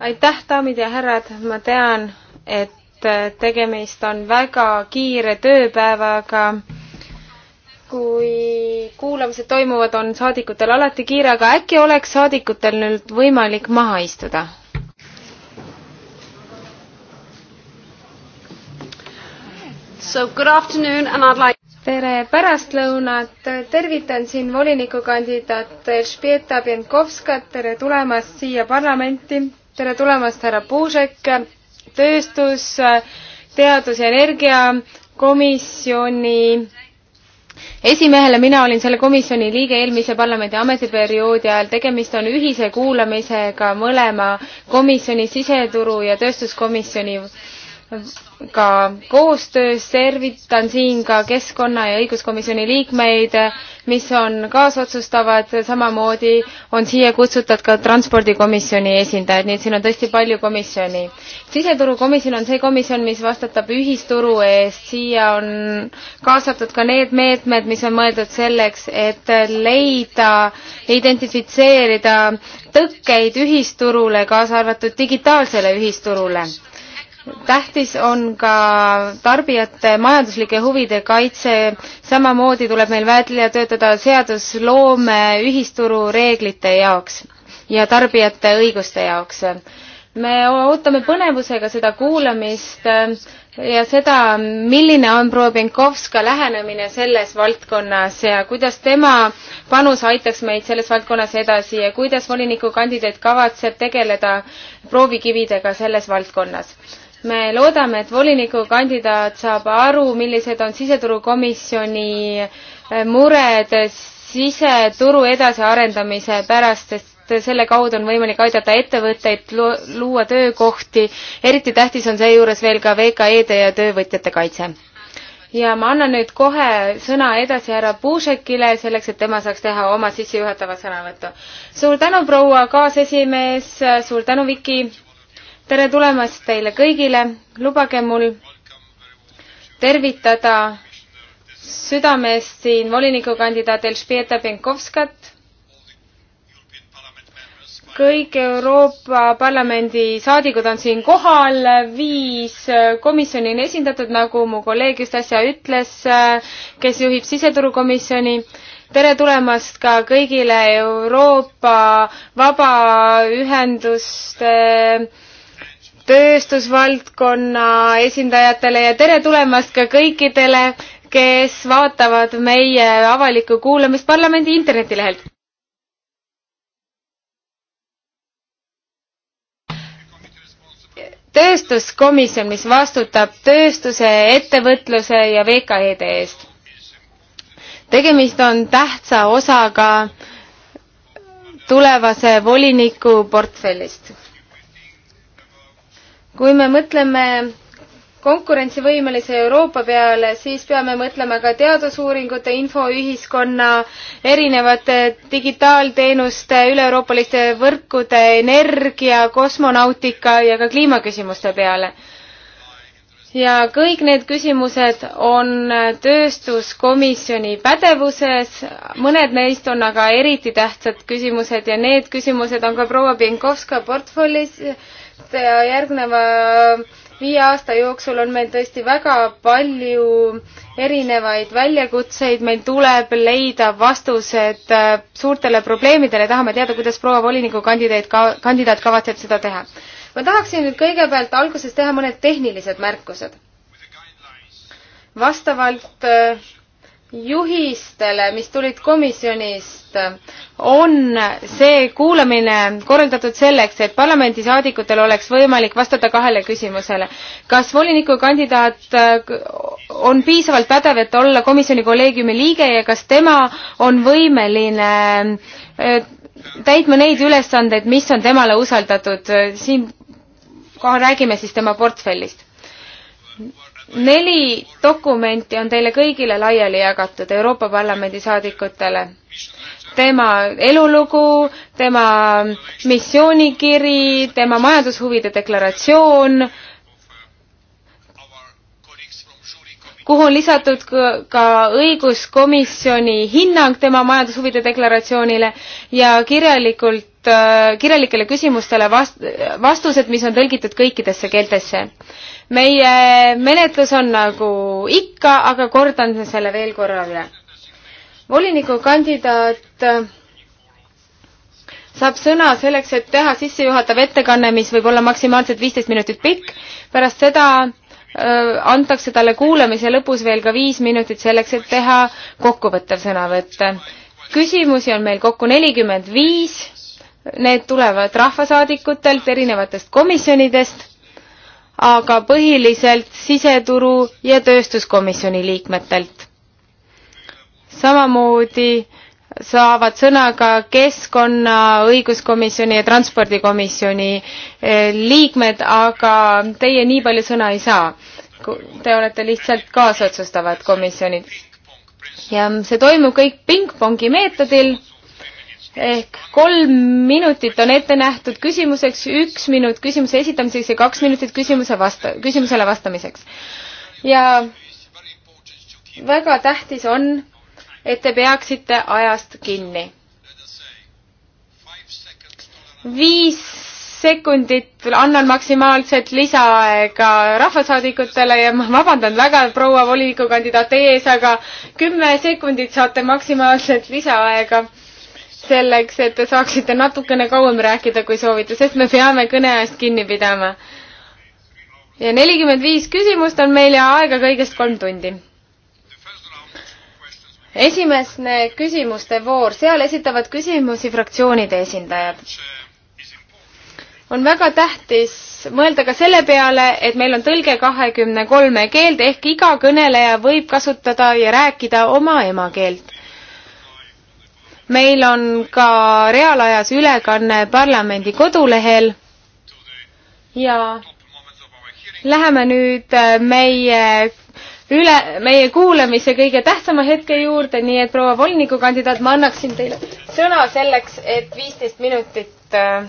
aitäh, daamid ja härrad, ma tean, et tegemist on väga kiire tööpäevaga. kui kuulamised toimuvad, on saadikutel alati kiire, aga äkki oleks saadikutel nüüd võimalik maha istuda? So good afternoon and I'd like tere pärastlõunat, tervitan siin volinikukandidaat Elžbieta Pienkovskat, tere tulemast siia parlamenti, tere tulemast, härra Puusek, tööstus, teadus ja energiakomisjoni esimehele, mina olin selle komisjoni liige eelmise parlamendi ametiperioodi ajal, tegemist on ühise kuulamisega mõlema komisjoni, siseturu ja tööstuskomisjoni ka koostöös, tervitan siin ka keskkonna ja õiguskomisjoni liikmeid, mis on kaasotsustavad, samamoodi on siia kutsutud ka transpordikomisjoni esindajad, nii et siin on tõesti palju komisjoni. siseturukomisjon on see komisjon, mis vastutab ühisturu eest, siia on kaasatud ka need meetmed, mis on mõeldud selleks, et leida, identifitseerida tõkkeid ühisturule, kaasa arvatud digitaalsele ühisturule tähtis on ka tarbijate majanduslike huvide kaitse, samamoodi tuleb meil välja töötada seadusloome ühisturu reeglite jaoks ja tarbijate õiguste jaoks. me ootame põnevusega seda kuulamist ja seda, milline on proua Benkovska lähenemine selles valdkonnas ja kuidas tema panus aitaks meid selles valdkonnas edasi ja kuidas volinikukandidaat kavatseb tegeleda proovikividega selles valdkonnas me loodame, et volinikukandidaat saab aru, millised on siseturukomisjoni eh, mured siseturu edasiarendamise pärast, sest selle kaudu on võimalik aidata ettevõtteid luua töökohti. eriti tähtis on seejuures veel ka VKE-de ja töövõtjate kaitse. ja ma annan nüüd kohe sõna edasi härra Puušekile, selleks et tema saaks teha oma sissejuhatava sõnavõttu. suur tänu, proua kaasesimees, suur tänu, Viki tere tulemast teile kõigile, lubage mul tervitada südamest siin volinikukandidaat Elžbieta Benkovskat, kõik Euroopa Parlamendi saadikud on siin kohal, viis komisjoni on esindatud, nagu mu kolleeg just äsja ütles, kes juhib siseturukomisjoni. tere tulemast ka kõigile Euroopa Vabaühenduste äh, tööstusvaldkonna esindajatele ja tere tulemast ka kõikidele, kes vaatavad meie avalikku kuulamist parlamendi internetilehelt. tööstuskomisjon, mis vastutab tööstuse, ettevõtluse ja VKE-de eest. tegemist on tähtsa osaga tulevase voliniku portfellist kui me mõtleme konkurentsivõimelise Euroopa peale, siis peame mõtlema ka teadusuuringute, infoühiskonna, erinevate digitaalteenuste, üle-euroopaliste võrkude, energia, kosmonautika ja ka kliimaküsimuste peale. ja kõik need küsimused on tööstuskomisjoni pädevuses, mõned neist on aga eriti tähtsad küsimused ja need küsimused on ka proua Pienkovska portfellis ja äh, järgneva viie aasta jooksul on meil tõesti väga palju erinevaid väljakutseid, meil tuleb leida vastused äh, suurtele probleemidele, tahame teada, kuidas proua volinikukandidaat ka, kandidaat kavatseb seda teha. ma tahaksin nüüd kõigepealt alguses teha mõned tehnilised märkused. vastavalt äh, juhistele, mis tulid komisjonist, on see kuulamine korraldatud selleks, et parlamendisaadikutel oleks võimalik vastata kahele küsimusele. kas volinikukandidaat äh, on piisavalt pädev, et olla komisjoni kolleegiumi liige ja kas tema on võimeline äh, täitma neid ülesandeid, mis on temale usaldatud, siin räägime siis tema portfellist neli dokumenti on teile kõigile laiali jagatud Euroopa Parlamendi saadikutele. tema elulugu, tema missioonikiri, tema majandushuvide deklaratsioon, kuhu on lisatud ka õiguskomisjoni hinnang tema majandushuvide deklaratsioonile ja kirjalikult Äh, kirjalikele küsimustele vast-, vastused, mis on tõlgitud kõikidesse keeltesse. meie menetlus on nagu ikka, aga kordan selle veel korra üle. volinikukandidaat äh, saab sõna selleks, et teha sissejuhatav ettekanne, mis võib olla maksimaalselt viisteist minutit pikk, pärast seda äh, antakse talle kuulamise lõpus veel ka viis minutit selleks, et teha kokkuvõttev sõnavõtt. küsimusi on meil kokku nelikümmend viis Need tulevad rahvasaadikutelt, erinevatest komisjonidest, aga põhiliselt siseturu- ja tööstuskomisjoni liikmetelt. samamoodi saavad sõna ka keskkonna, õiguskomisjoni ja transpordikomisjoni eh, liikmed, aga teie nii palju sõna ei saa. Te olete lihtsalt kaasotsustavad komisjonid. ja see toimub kõik pingpongi meetodil ehk kolm minutit on ette nähtud küsimuseks, üks minut küsimuse esitamiseks ja kaks minutit küsimuse vasta-, küsimusele vastamiseks. ja väga tähtis on, et te peaksite ajast kinni. viis sekundit annan maksimaalselt lisaaega rahvasaadikutele ja ma vabandan väga proua volinikukandidaat teie ees, aga kümme sekundit saate maksimaalselt lisaaega selleks, et te saaksite natukene kauem rääkida, kui soovite, sest me peame kõneajast kinni pidama. ja nelikümmend viis küsimust on meil ja aega kõigest kolm tundi. esimene küsimuste voor, seal esitavad küsimusi fraktsioonide esindajad. on väga tähtis mõelda ka selle peale, et meil on tõlge kahekümne kolme keelde ehk iga kõneleja võib kasutada ja rääkida oma emakeelt meil on ka reaalajas ülekanne parlamendi kodulehel ja läheme nüüd äh, meie üle, meie kuulamise kõige tähtsama hetke juurde, nii et proua volinikukandidaat, ma annaksin teile sõna selleks, et viisteist minutit äh,